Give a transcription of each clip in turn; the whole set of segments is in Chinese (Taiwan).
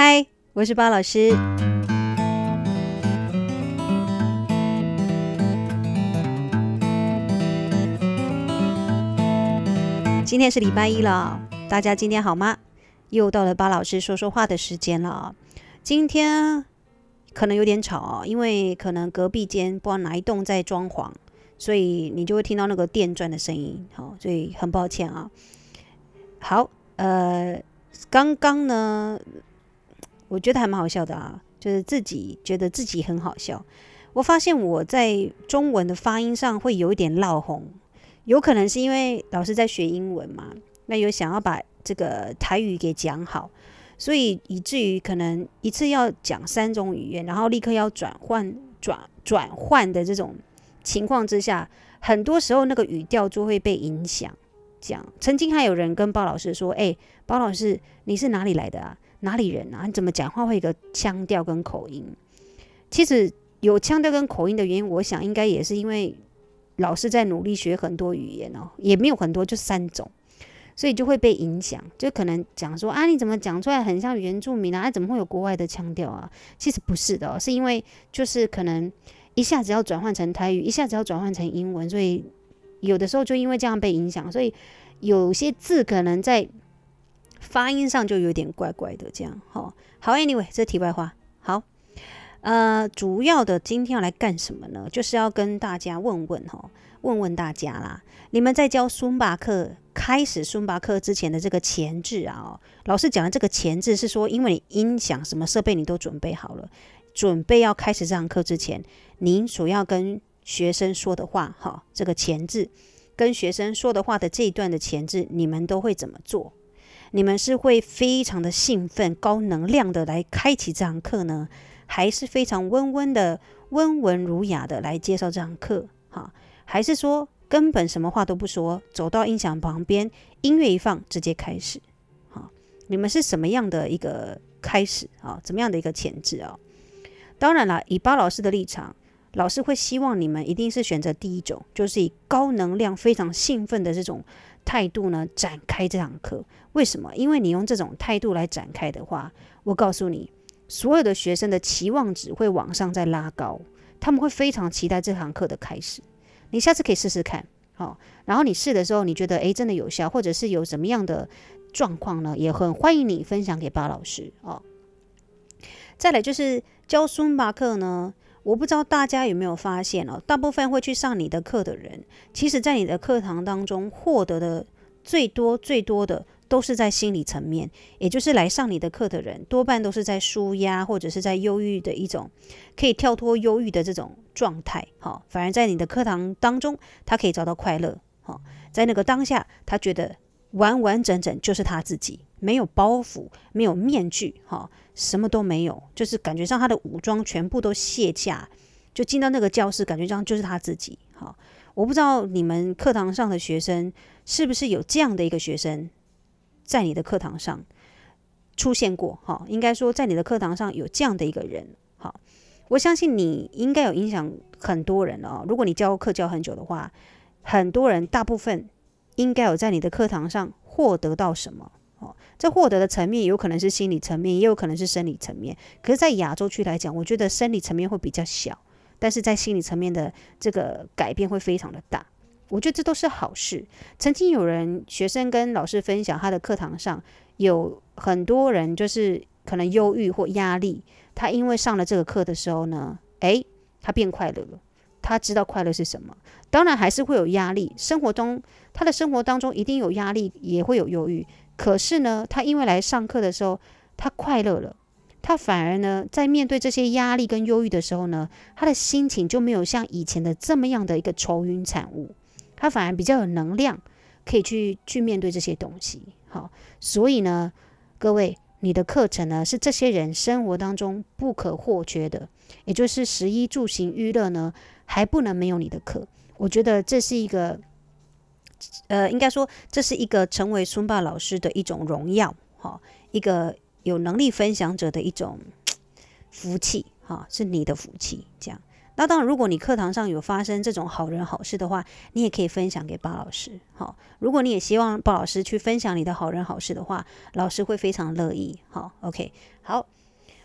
嗨，Hi, 我是巴老師。今天是禮拜一了，大家今天好嗎？又到了巴老師說說話的時間了。今天可能有點吵，因為可能隔壁間不知道哪一棟在裝潢，所以你就會聽到那個電鑽的聲音。好，所以很抱歉啊。好，呃，剛剛呢，我覺得還蠻好笑的啊，就是自己覺得自己很好笑。我發現我在中文的發音上會有一點落紅，有可能是因為老師在學英文嘛，那有想要把這個台語給講好，所以以至於可能一次要講三種語言，然後立刻要轉換轉轉換的這種情況之下，很多時候那個語調就會被影響。講曾經還有人跟巴老師說：“哎、欸，巴老師，你是哪裡來的啊？”哪裡人啊？你怎麼講話會有一個腔調跟口音？其實有腔調跟口音的原因，我想應該也是因為老師在努力學很多語言哦、喔，也沒有很多，就三種，所以就會被影響。就可能講說啊，你怎麼講出來很像原住民啊，啊？怎麼會有國外的腔調啊？其實不是的喔，是因為就是可能一下子要轉換成台語，一下子要轉換成英文，所以有的時候就因為這樣被影響，所以有些字可能在。發音上就有點怪怪的，這樣，好，好，anyway，這題外話，好，呃，主要的今天要來幹什麼呢？就是要跟大家問問，哈，問問大家啦，你們在教孫巴課開始孫巴課之前的這個前置啊，哦，老師講的這個前置是說，因為你音響什麼設備你都準備好了，準備要開始這堂課之前，您所要跟學生說的話，哈，這個前置跟學生說的話的這一段的前置，你們都會怎麼做？你們是會非常的興奮、高能量的來開啟這堂課呢，還是非常溫溫的、溫文儒雅的來介紹這堂課？哈，還是說根本什麼話都不說，走到音響旁邊，音樂一放直接開始？哈，你們是什麼樣的一個開始啊？怎麼樣的一個前置啊？當然了，以巴老師的立場，老師會希望你們一定是選擇第一種，就是以高能量、非常興奮的這種。態度呢？展開這堂課，為什麼？因為你用這種態度來展開的話，我告訴你，所有的學生的期望值會往上再拉高，他們會非常期待這堂課的開始。你下次可以試試看，好，哦。然後你試的時候，你覺得誒真的有效，或者是有什麼樣的狀況呢？也很歡迎你分享給巴老師哦。再來就是教書巴克呢。我不知道大家有沒有發現哦，大部分會去上你的課的人，其實，在你的課堂當中獲得的最多最多的，都是在心理層面。也就是來上你的課的人，多半都是在紓壓或者是在憂鬱的一種，可以跳脫憂鬱的這種狀態。哈，反而在你的課堂當中，他可以找到快樂。哈，在那個當下，他覺得完完整整就是他自己。沒有包袱，沒有面具，哈，什麼都沒有，就是感覺上他的武裝全部都卸下，就進到那個教室，感覺上就是他自己，哈。我不知道你們課堂上的學生是不是有這樣的一個學生在你的課堂上出現過，哈。應該說，在你的課堂上有這樣的一個人，哈。我相信你應該有影響很多人哦，如果你教課教很久的話，很多人大部分應該有在你的課堂上獲得到什麼。這獲得的層面有可能是心理層面，也有可能是生理層面。可是，在亞洲區來講，我覺得生理層面會比較小，但是在心理層面的這個改變會非常的大。我覺得這都是好事。曾經有人學生跟老師分享，他的課堂上有很多人就是可能憂鬱或壓力，他因為上了這個課的時候呢，哎，他變快樂了，他知道快樂是什麼。當然還是會有壓力，生活中他的生活當中一定有壓力，也會有憂鬱。可是呢，他因為來上課的時候，他快樂了，他反而呢，在面對這些壓力跟憂鬱的時候呢，他的心情就沒有像以前的這麼樣的一個愁雲慘霧，他反而比較有能量，可以去去面對這些東西。好，所以呢，各位，你的課程呢，是這些人生活當中不可或缺的，也就是食衣住行娛樂呢，還不能沒有你的課。我覺得這是一個。呃，應該說這是一個成為孫巴老師的一種榮耀，哈、哦，一個有能力分享者的一種福氣，哈、哦，是你的福氣。這樣，那當然，如果你課堂上有發生這種好人好事的話，你也可以分享給巴老師，哈、哦，如果你也希望巴老師去分享你的好人好事的話，老師會非常樂意、哦 OK，好。OK，好。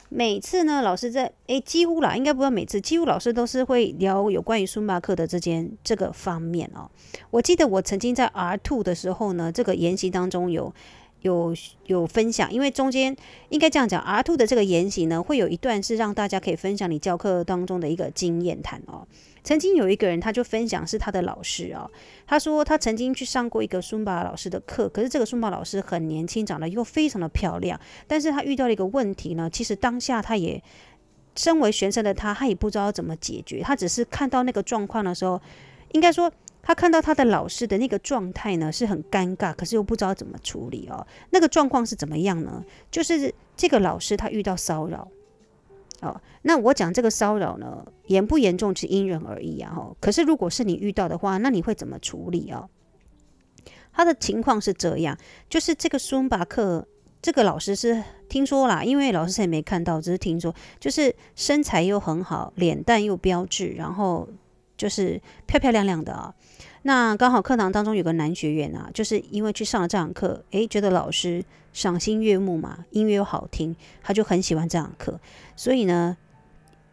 每次呢，老師在誒、欸，幾乎啦，應該不會每次，幾乎老師都是會聊有關於舒馬克的這件這個方面哦、喔。我記得我曾經在 R two 的時候呢，這個研習當中有有有分享，因為中間應該這樣講，R two 的這個研習呢，會有一段是讓大家可以分享你教課當中的一個經驗談哦。曾經有一個人，他就分享是他的老師哦。他說他曾經去上過一個素描老師的課，可是這個素描老師很年輕，長得又非常的漂亮。但是他遇到了一個問題呢，其實當下他也身為學生的他，他也不知道怎麼解決。他只是看到那個狀況的時候，應該說他看到他的老師的那個狀態呢是很尷尬，可是又不知道怎麼處理哦。那個狀況是怎麼樣呢？就是這個老師他遇到騷擾。哦，那我講這個騷擾呢，嚴不嚴重是因人而異啊，吼、哦。可是如果是你遇到的話，那你會怎麼處理啊、哦？他的情況是這樣，就是這個孫巴克這個老師是聽說啦，因為老師也沒看到，只是聽說，就是身材又很好，臉蛋又標緻，然後就是漂漂亮亮的啊、哦。那剛好課堂當中有個男學員啊，就是因為去上了這堂課，誒，覺得老師賞心悅目嘛，音樂又好聽，他就很喜歡這堂課，所以呢，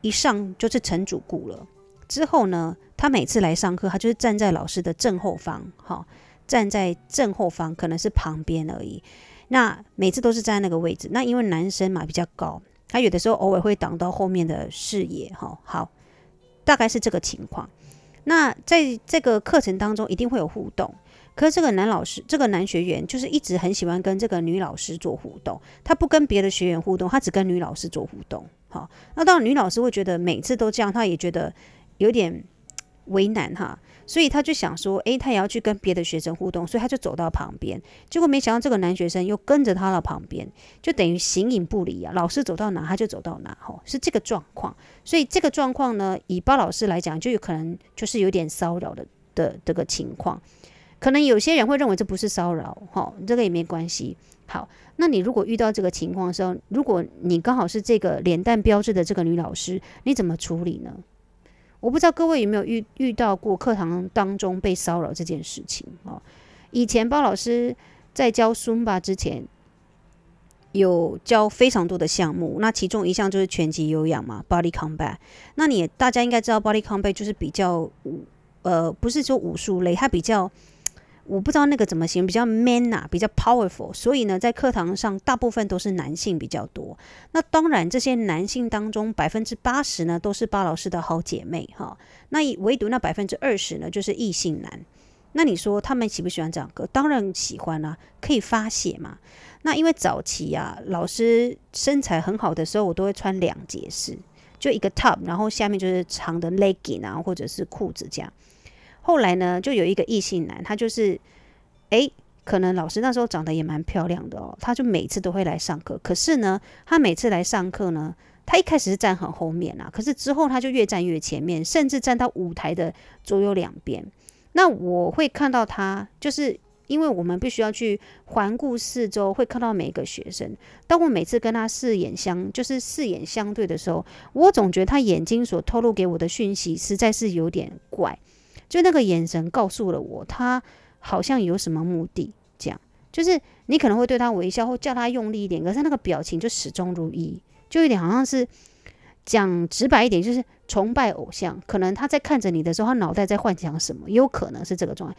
一上就是成主顧了。之後呢，他每次來上課，他就是站在老師的正後方，哈、哦，站在正後方，可能是旁邊而已。那每次都是站在那個位置。那因為男生嘛比較高，他有的時候偶爾會擋到後面的視野，哈、哦，好，大概是這個情況。那在這個課程當中，一定會有互動。可是這個男老師，這個男學員，就是一直很喜歡跟這個女老師做互動。他不跟別的學員互動，他只跟女老師做互動。好，那當然女老師會覺得每次都這樣，她也覺得有點為難，哈。所以他就想說，誒，他也要去跟別的學生互動，所以他就走到旁邊，結果沒想到這個男學生又跟着他到旁邊，就等於形影不離啊。老師走到哪，他就走到哪，哈、哦，是這個狀況。所以這個狀況呢，以巴老師來講，就有可能就是有點騷擾的的這個情況。可能有些人會認為這不是騷擾，哦，這個也沒關係。好，那你如果遇到這個情況的時候，如果你剛好是這個臉蛋標緻的這個女老師，你怎麼處理呢？我不知道各位有沒有遇遇到過課堂當中被騷擾這件事情。以前巴老師在教 Zumba 之前，有教非常多的項目，那其中一項就是拳擊有氧嘛，body combat。那你大家應該知道，body combat 就是比較武，呃，不是說武術類，它比較。我不知道那個怎麼形容，比較 man 啊，比較 powerful，所以呢，在課堂上大部分都是男性比較多。那當然，這些男性當中百分之八十呢，都是巴老師的好姐妹哈、哦。那唯獨那百分之二十呢，就是異性男。那你說他們喜不喜歡唱歌？當然喜歡啦、啊，可以發洩嘛。那因為早期啊，老師身材很好的時候，我都會穿兩截式，就一個 top，然後下面就是長的 legging 啊，或者是褲子這樣。後來呢，就有一個異性男，他就是，誒，可能老師那時候長得也蠻漂亮的哦。他就每次都會來上課，可是呢，他每次來上課呢，他一開始是站很後面啦、啊，可是之後他就越站越前面，甚至站到舞台的左右兩邊。那我會看到他，就是因為我們必須要去環顧四周，會看到每一個學生。當我每次跟他四眼相，就是四眼相對的時候，我總覺得他眼睛所透露給我的訊息實在是有點怪。就那個眼神告訴了我，他好像有什麼目的。這樣，就是你可能會對他微笑，或叫他用力一點，可是那個表情就始終如一，就有點好像是講直白一點，就是崇拜偶像。可能他在看着你的時候，他腦袋在幻想什麼，也有可能是這個狀態。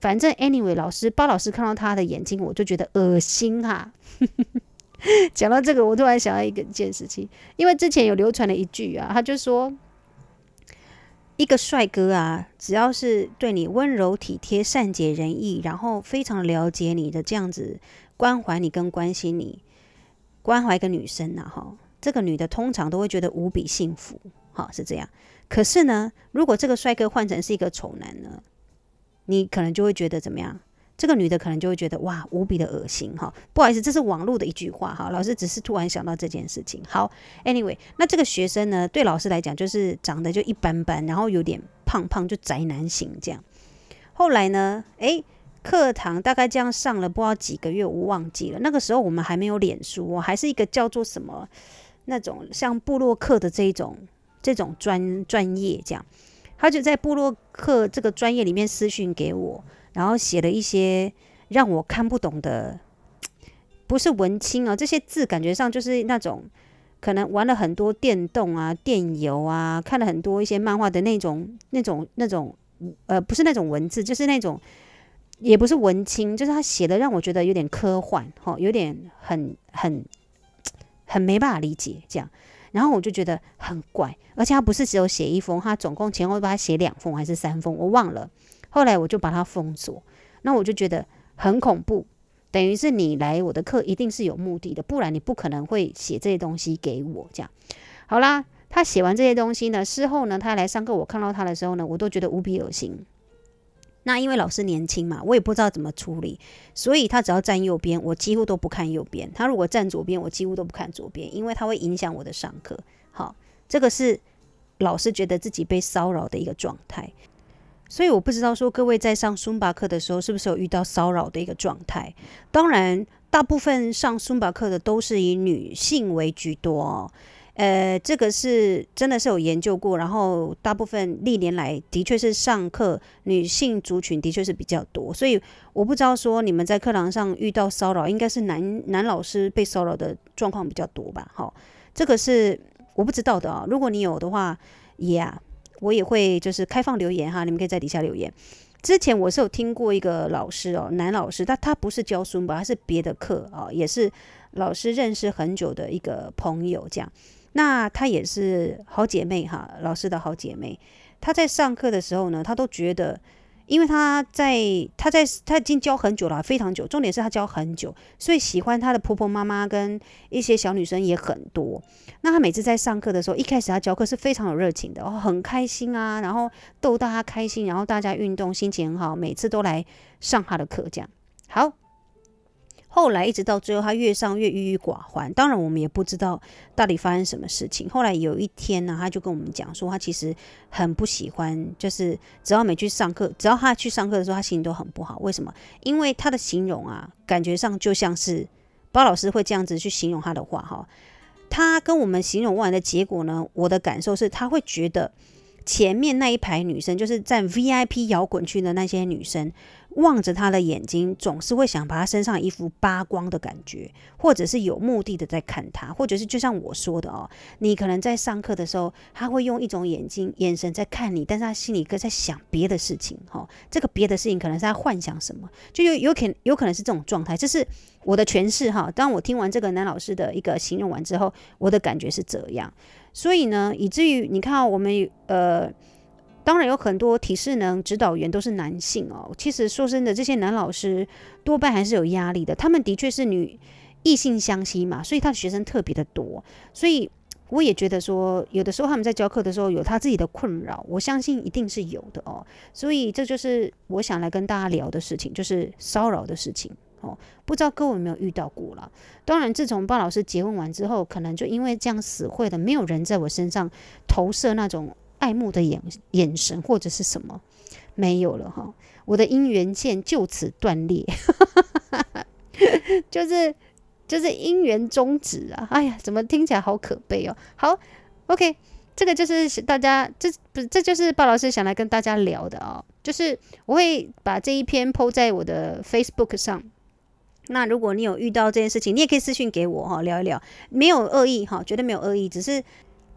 反正 anyway，老師巴老師看到他的眼睛，我就覺得噁心哈、啊。 講到這個，我突然想到一個一件事情，因為之前有流傳了一句啊，他就說。一個帥哥啊，只要是對你溫柔體貼、善解人意，然後非常了解你的這樣子關懷你跟關心你，關懷一個女生啊，哈，這個女的通常都會覺得無比幸福，好是這樣。可是呢，如果這個帥哥換成是一個醜男呢，你可能就會覺得怎麼樣？這個女的可能就會覺得，哇，無比的噁心哈，不好意思，這是網絡的一句話哈。老師只是突然想到這件事情。好，anyway，那這個學生呢，對老師來講就是長得就一般般，然後有點胖胖，就宅男型這樣。後來呢，誒，課堂大概這樣上了不知道幾個月，我忘記了。那個時候我們還沒有臉書，還是一個叫做什麼那種像部落客的這一種這種專專業這樣。他就在部落客這個專業裡面私訊給我。然後寫了一些讓我看不懂的，不是文青啊、哦，這些字感覺上就是那種可能玩了很多電動啊、電遊啊，看了很多一些漫畫的那種、那種、那種，呃，不是那種文字，就是那種，也不是文青，就是他寫的讓我覺得有點科幻，哈、哦，有點很很很沒辦法理解這樣。然後我就覺得很怪，而且他不是只有寫一封，他總共前後把他寫兩封還是三封，我忘了。後來我就把它封鎖，那我就覺得很恐怖，等於是你來我的課一定是有目的的，不然你不可能會寫這些東西給我。這樣，好啦，他寫完這些東西呢，事後呢，他來上課，我看到他的時候呢，我都覺得無比噁心。那因為老師年輕嘛，我也不知道怎麼處理，所以他只要站右邊，我幾乎都不看右邊；他如果站左邊，我幾乎都不看左邊，因為他會影響我的上課。好，這個是老師覺得自己被騷擾的一個狀態。所以我不知道說各位在上 Zumba 課的時候是不是有遇到騷擾的一個狀態？當然，大部分上 Zumba 課的都是以女性為居多，哦，呃，這個是真的是有研究過，然後大部分歷年來的確是上課女性族群的確是比較多，所以我不知道說你們在課堂上遇到騷擾，應該是男男老師被騷擾的狀況比較多吧？哈，這個是我不知道的啊，哦。如果你有的話也，yeah。我也會就是開放留言哈，你們可以在底下留言。之前我是有聽過一個老師哦，男老師，但他不是教書吧，他是別的課啊、哦，也是老師認識很久的一個朋友這樣。那他也是好姐妹哈，老師的好姐妹。他在上課的時候呢，他都覺得。因為他在，他在，他已經教很久了，非常久。重點是他教很久，所以喜歡他的婆婆媽媽跟一些小女生也很多。那他每次在上課的時候，一開始他教課是非常有熱情的，哦，很開心啊，然後逗大家開心，然後大家運動，心情很好，每次都來上他的課，這樣好。後來一直到最後，他越上越鬱鬱寡歡。當然，我們也不知道到底發生什麼事情。後來有一天呢，他就跟我們講說，他其實很不喜歡，就是只要每去上課，只要他去上課的時候，他心情都很不好。為什麼？因為他的形容啊，感覺上就像是巴老師會這樣子去形容他的話哈。他跟我們形容完的結果呢，我的感受是他會覺得前面那一排女生，就是在 VIP 搖滾區的那些女生。望着他的眼睛，總是會想把他身上衣服扒光的感覺，或者是有目的的在看他，或者是就像我說的哦、喔，你可能在上課的時候，他會用一種眼睛眼神在看你，但是他心裡在想別的事情，哈、喔，這個別的事情可能是他幻想什麼，就有有可能有可能是這種狀態，這、就是我的詮釋哈。當我聽完這個男老師的一個形容完之後，我的感覺是這樣，所以呢，以至於你看、喔、我們呃。當然有很多體適能指導員都是男性哦。其實說真的，這些男老師多半還是有壓力的。他們的確是女異性相吸嘛，所以他的學生特別的多。所以我也覺得說，有的時候他們在教課的時候有他自己的困擾，我相信一定是有的哦。所以這就是我想來跟大家聊的事情，就是騷擾的事情哦。不知道各位有沒有遇到過啦？當然，自從巴老師結婚完之後，可能就因為這樣死會的，沒有人在我身上投射那種。愛慕的眼眼神或者是什麼沒有了哈，我的姻緣線就此斷裂、 就是，就是就是姻緣終止啊！哎呀，怎麼聽起來好可悲哦、喔？好，OK，這個就是大家這不這就是巴老師想來跟大家聊的啊、喔，就是我會把這一篇 po 在我的 Facebook 上。那如果你有遇到這件事情，你也可以私訊給我哈，聊一聊，沒有惡意哈，絕對沒有惡意，只是。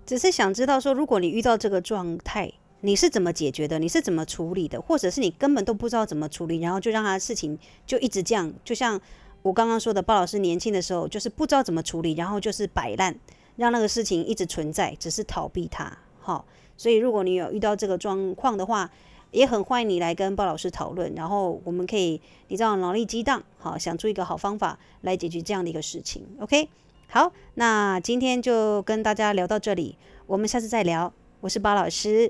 只是想知道說，如果你遇到這個狀態，你是怎麼解決的？你是怎麼處理的？或者是你根本都不知道怎麼處理，然後就讓他的事情就一直這樣。就像我剛剛說的，巴老師年輕的時候就是不知道怎麼處理，然後就是擺爛，讓那個事情一直存在，只是逃避他。好、哦，所以如果你有遇到這個狀況的話，也很歡迎你來跟巴老師討論，然後我們可以，你知道腦力激盪，好、哦，想出一個好方法來解決這樣的一個事情。OK。好，那今天就跟大家聊到這裡，我們下次再聊。我是巴老師。